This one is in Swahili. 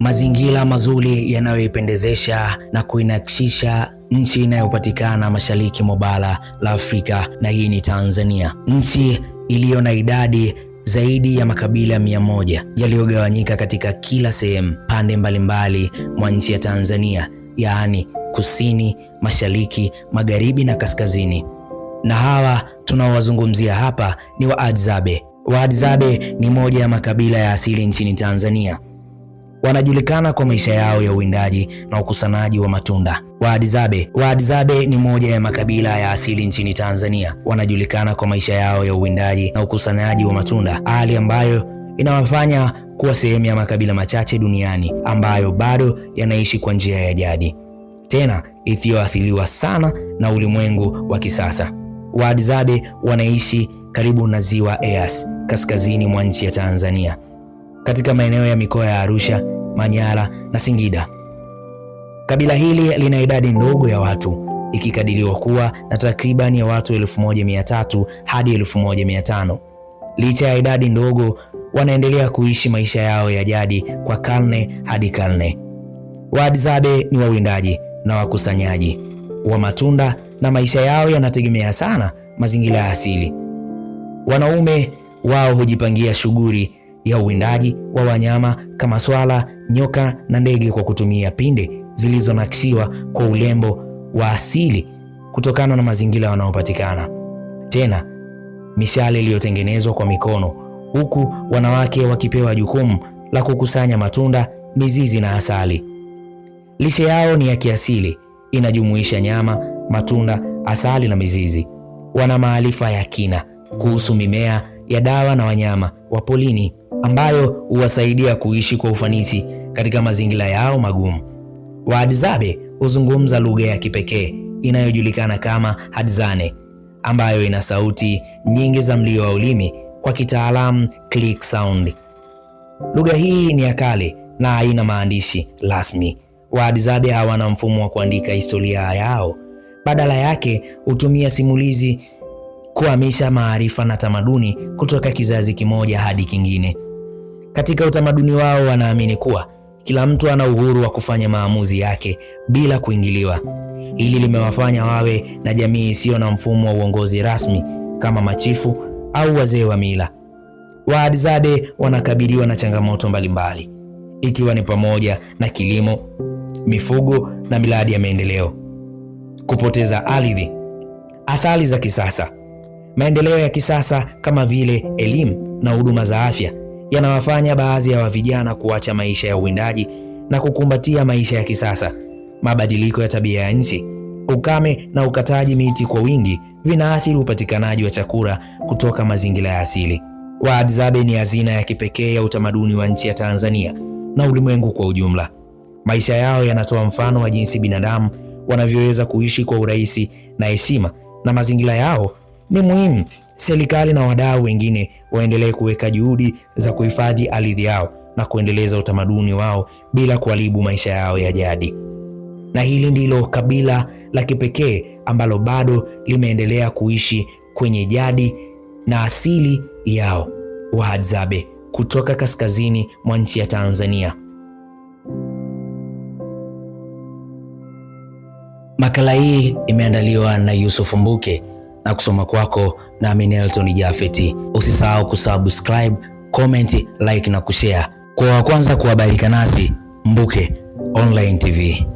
mazingira mazuri yanayoipendezesha na kuinakshisha nchi inayopatikana mashariki mwa bara la Afrika, na hii ni Tanzania, nchi iliyo na idadi zaidi ya makabila mia moja yaliyogawanyika katika kila sehemu pande mbalimbali mwa nchi ya Tanzania, yaani kusini, mashariki, magharibi na kaskazini. Na hawa tunaowazungumzia hapa ni Waadzabe. Waadzabe ni moja ya makabila ya asili nchini Tanzania. Wanajulikana kwa maisha yao ya uwindaji na ukusanyaji wa matunda. Waadzabe. Waadzabe ni moja ya makabila ya asili nchini Tanzania. Wanajulikana kwa maisha yao ya uwindaji na ukusanyaji wa matunda, hali ambayo inawafanya kuwa sehemu ya makabila machache duniani ambayo bado yanaishi kwa njia ya jadi, tena isiyoathiriwa sana na ulimwengu wa kisasa. Waadzabe wanaishi karibu na ziwa Eyasi kaskazini mwa nchi ya Tanzania katika maeneo ya mikoa ya Arusha, Manyara na Singida. Kabila hili lina idadi ndogo ya watu ikikadiriwa kuwa na takribani ya watu 1300 hadi 1500. Licha ya idadi ndogo, wanaendelea kuishi maisha yao ya jadi kwa karne hadi karne. Wahadzabe ni wawindaji na wakusanyaji wa matunda na maisha yao yanategemea sana mazingira ya asili. Wanaume wao hujipangia shughuli ya uwindaji wa wanyama kama swala, nyoka na ndege kwa kutumia pinde zilizonakshiwa kwa ulembo wa asili kutokana na mazingira wanayopatikana. Tena mishale iliyotengenezwa kwa mikono, huku wanawake wakipewa jukumu la kukusanya matunda, mizizi na asali. Lishe yao ni ya kiasili, inajumuisha nyama, matunda, asali na mizizi. Wana maarifa ya kina kuhusu mimea ya dawa na wanyama wa polini ambayo huwasaidia kuishi kwa ufanisi katika mazingira yao magumu. Wahadzabe huzungumza lugha ya kipekee inayojulikana kama Hadzane ambayo ina sauti nyingi za mlio wa ulimi, kwa kitaalamu click sound. Lugha hii ni ya kale na haina maandishi rasmi. Wahadzabe hawana mfumo wa kuandika historia yao, badala yake hutumia simulizi kuhamisha maarifa na tamaduni kutoka kizazi kimoja hadi kingine. Katika utamaduni wao wanaamini kuwa kila mtu ana uhuru wa kufanya maamuzi yake bila kuingiliwa. Hili limewafanya wawe na jamii isiyo na mfumo wa uongozi rasmi kama machifu au wazee wa mila. Waadzade wanakabiliwa na changamoto mbalimbali, ikiwa ni pamoja na kilimo, mifugo na miradi ya maendeleo. Kupoteza ardhi. Athari za kisasa. Maendeleo ya kisasa kama vile elimu na huduma za afya yanawafanya baadhi ya wavijana kuacha maisha ya uwindaji na kukumbatia maisha ya kisasa. Mabadiliko ya tabia ya nchi, ukame na ukataji miti kwa wingi vinaathiri upatikanaji wa chakula kutoka mazingira ya asili. waadzabe ni hazina ya kipekee ya utamaduni wa nchi ya Tanzania na ulimwengu kwa ujumla. Maisha yao yanatoa mfano wa jinsi binadamu wanavyoweza kuishi kwa urahisi na heshima, na mazingira yao ni muhimu serikali na wadau wengine waendelee kuweka juhudi za kuhifadhi ardhi yao na kuendeleza utamaduni wao bila kuharibu maisha yao ya jadi. Na hili ndilo kabila la kipekee ambalo bado limeendelea kuishi kwenye jadi na asili yao, Wahadzabe kutoka kaskazini mwa nchi ya Tanzania. Makala hii imeandaliwa na Yusuf Mbuke na kusoma kwako, nami Nelson Jafet. Usisahau kusubscribe, comment, like na kushare kwa wa kwanza kuhabarika nasi Mbuke Online TV.